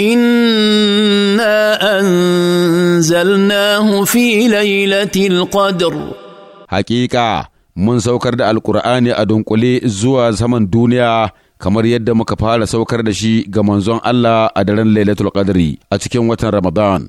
انا انزلناه في ليله القدر حقيقه mun saukar da Alƙur'ani a dunkule zuwa saman duniya kamar yadda muka fara saukar da shi ga manzon Allah a daren Lailatul Qadri a cikin watan Ramadan